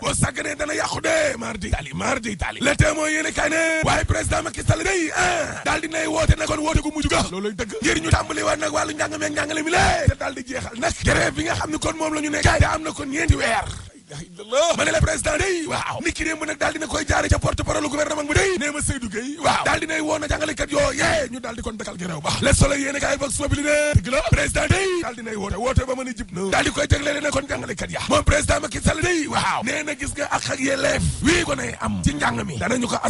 boo sàgganee dana yàqu de mardi tali mardi tali le a kaay ne waaye président Macky Sall day ah daal nay woote na kon woote gu mujj ga ngir ñu tàmbali waat nag wàllu njàng meeg mi la te jeexal nag grève bi nga xam ne kon moom la ñu nekk da na kon ñeenti weer ma ne la président day waaw nit ki nag daal dina koy jaare ca porte parole gouvernement bi day daal dinay woon a jàngalekat yoo yee ñu daal kon dakal geréew ba le soleil yéene kaay vox populi président day daal dinay woote woote ba mën a di koy waaw nee na gis ne am ci njàng mi danañu ko ah.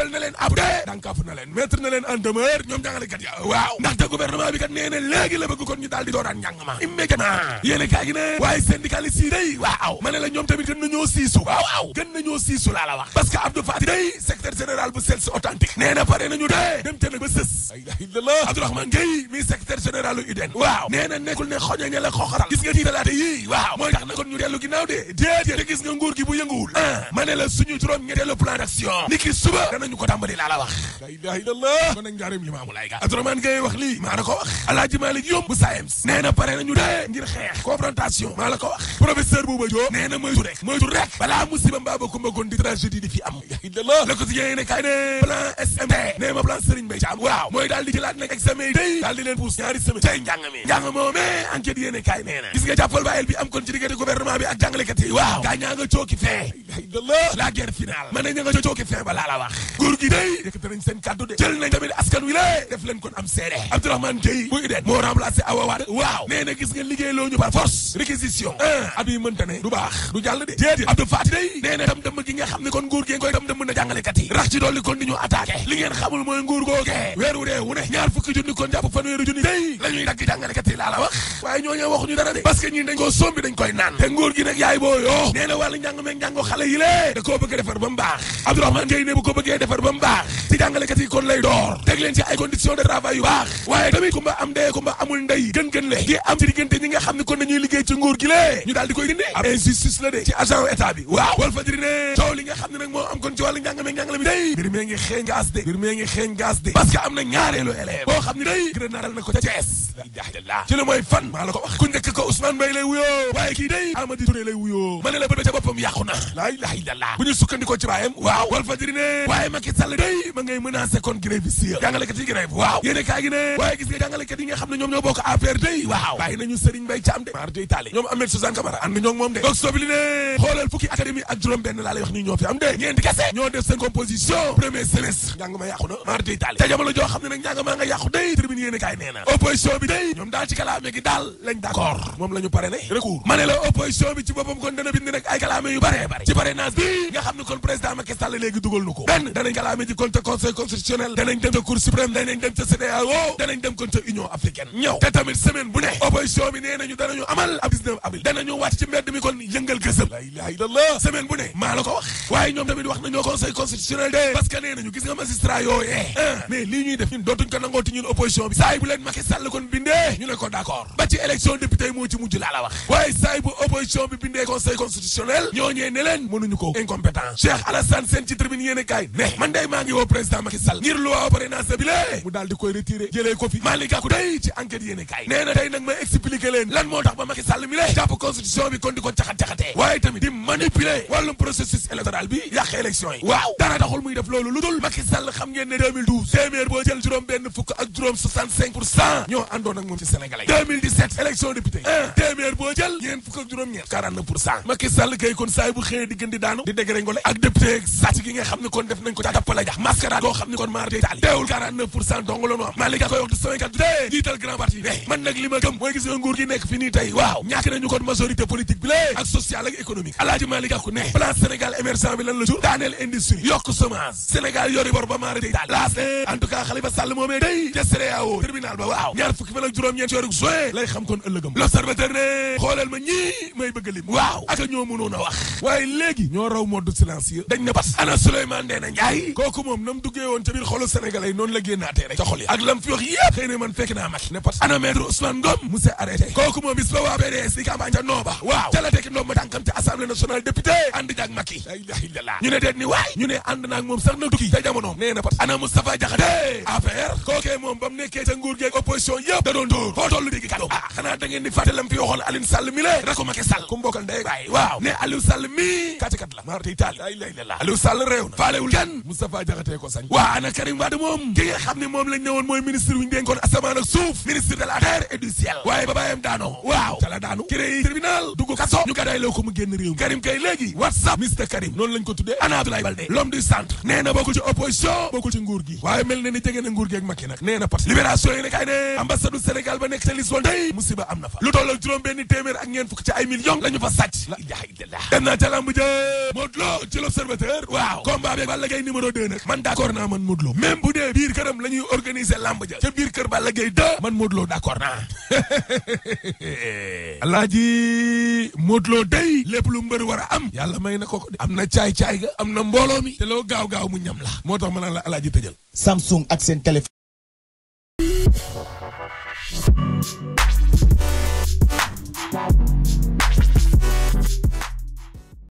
na leen ab dee na leen mettre na leen en demeure ñoom jàngalekat ya waaw ndaxte gouvernement bi kat nee na léegi la bëgg kon ñu daal dooraan njàng ma immédiatement yéene gi ne waaw ma la ñoom tamit gën nañoo siisu waaw waaw gën nañoo siisu laa la wax parce que Abdou Fati day général bu Sels authentique nee na pare nañu dee dem te nag sës la ilaha illallah Abdourahmane Gueye général u UDEN waaw nee na nekkul ne xoñoñe la xooxaral gis nga tiitalaate yii Ndiaye laa la wax la ilaha illallah man ak njaareem limaamu laay ga Abdourahmane Gaye wax lii maa la ko wax Alaaji Malick Youm bu SAEMS nee na pare nañu dee ngir xeex confrontation maa la ko wax professeur Bouba Diop nee na moytu rek moytu rek balaa musiba mbaa ba kumba kon di tragédie di fi am la ilaha le quotidien ne kay ne plan SMT nee ma plan Serigne Mbaye Thiam waaw mooy daal di jëlaat nag examen yi day daal di leen pousse ñaari semaine tey njàng mi njàng moome enquête yéene kay nee na gis nga jàppal bàyyil bi am kon ci diggante gouvernement bi ak jàngalekat yi waaw gaa ñaa nga cooki fin la guerre finale man na ña nga cooki fin ba laa la wax góor gi day yëkkati nañ seen kàddu de jël nañ tamit askan wi lée def leen kon am seede eh. Abdourahmane Gueye bu ideen moo remplacé Awa Wade waaw nee na gis nga liggéey loo ñu par force réquisition eh. a at yi mënta ne du baax du jàll de déedéet Abdou Faty day nee na tam dëmm gi nga xam ne kon nguur gee koy tam dëmm na jàngalekat yi rax ci dolli kon di ñu attaqué li ngeen xamul mooy nguur googee weeru dee wu ne ñaar fukki junni kon jàpp fanweeri junni day la ñuy dagg jàngalekat yi laa la wax waaye ñooñu waxuñu dara de parce que ñi dañ koo sombi dañ koy naan te nguur gi nag yaay boo yoo nee na wàllu njàng meeg njàngo xale yi lée da koo bëgg defar ba mu baax Abdourahmane Gueye ne bu ko bëggee defar ba mu baax baax ci jàngalekat yi kon lay door teg leen ci ay conditions de travail baax waaye tamit kumba am ndey kumba amul ndey gën-gën le gi am ci diggante ñi nga xam ne waaw wal fajri ne coow xam ne moo am kon ci wàllu njàngame njàngale mi day mbir mee ngi de mbir mee ngi de parce que am na ñaareelu élève boo xam ne day gërë na ko ca Thiès la ci la fan maa ko wax ku njëkk ko Ousmane Mbaye lay wuyoo waaye kii day Amady Touré lay wuyoo day ma ngay menacé kon grévistes yi yi grève waaw yéene gi ne waaye gis nga jàngalekat yi nga xam ne ñoom ñoo ma yàqu na léegi dugal ko benn danañ kalaame ji kon te conseil constitutionnel danañ dem ca cour suprême danañ dem ca CEDEAO danañ dem ca union africaine ñëw te tamit semaine bu ne opposition bi nee nañu danañu amal ab 19 avril danañu wàcc ci mbedd mi kon yëngal gësëm la ilaha semaine bu ne maa la ko wax waaye ñoom tamit wax nañoo conseil constitutionnel de parce que nee nañu gis nga magistrat yooyee mais lii ñuy def ñun dootuñ ko nangooti ñun opposition bi saay bu leen Macky Sall kon bindee maa ngi woo président Macky Sall ngir loi mu di koy ko fi day ci enquête ma expliquer lan tax ba Macky Sall mi lé jàpp constitution bi kon di ko tamit di manipuler processus électoral bi élection yi dara taxul muy def Macky Sall xam ngeen ne 2012 jël juróom ak juróom 65 ci Sénégalais 2017 élection député jël ak juróom 49 Macky Sall kay kon bu di daanu di ak député gi nga kon def nañ ko jax mascarade koo xam ni kon maar day taali teewul 49 pour cent dong la nu am Malika koy wax di sama kat dee jiital grand parti ne eh, man nag li ma mooy gis nga nguur gi nekk fi nii tey waaw ñàkk nañu kon majorité politique bi ak sociale ak économique alaaji Malika ku ne plan Sénégal émergent bi lan la jur daaneel industrie yokk chômage Sénégal yori bor ba maar day taali laas en tout cas Khalifa Sall moomee day ca CEDEAO tribunal ba waaw ñaar fukki fan ak a kooku moom nam duggee woon ca biir xolu sénégalais yi noonu la génnaatee ca xol ya ak lam mu s'est arrêté kooku moom bis ca nooba waaw ca la tekki ndoom ma tànkam ca assemblée nationale député ànd jaak Macky ñu ne deet ni waay ñu ne ànd naak moom sax na tukki ca jamonoom nee na pat ana Moustapha Diakhaté APR kookee moom ba mu nekkee ca nguur geeg opposition yëpp da doon dóor foo toll dégg kàddoom ah xanaa da ngeen di fàtte lam fi waxoon Alioune Sall mi le rako Macky Sall jaxatee waa ana Karim Wade moom ki xam ne moom lañ ne woon mooy ministre wi ñu dénkoon asamaan ak suuf ministre de la terre du ciel waaye ba bàyyam daanoo waaw ca la daanu créé tribunal kaso ñu gàddaay loo ko mu génn Karim kay léegi whatsapp Mr Karim noonu lañ ko tuddee ana Abdoulaye Baldé l'homme du centre nee bokkul ci opposition bokkul ci nguur gi waaye mel na ni jege na nguur gi ak Macky nag nee na pat libération kay ne ambassade du nag man d'accord naa man Modou Lo même bu dee biir këram la ñuy organiser lamb ja ca biir kër Balla Gaye 2 man Modou Lo d'accord naa alaaji Modou Lo day lépp lu mbër war am yàlla may na ko de am na caay-caay ga am na mbooloo mi te loo gaaw-gaaw mu ñam la moo tax ma naan la alaaji tëjal Samsung ak seen téléphone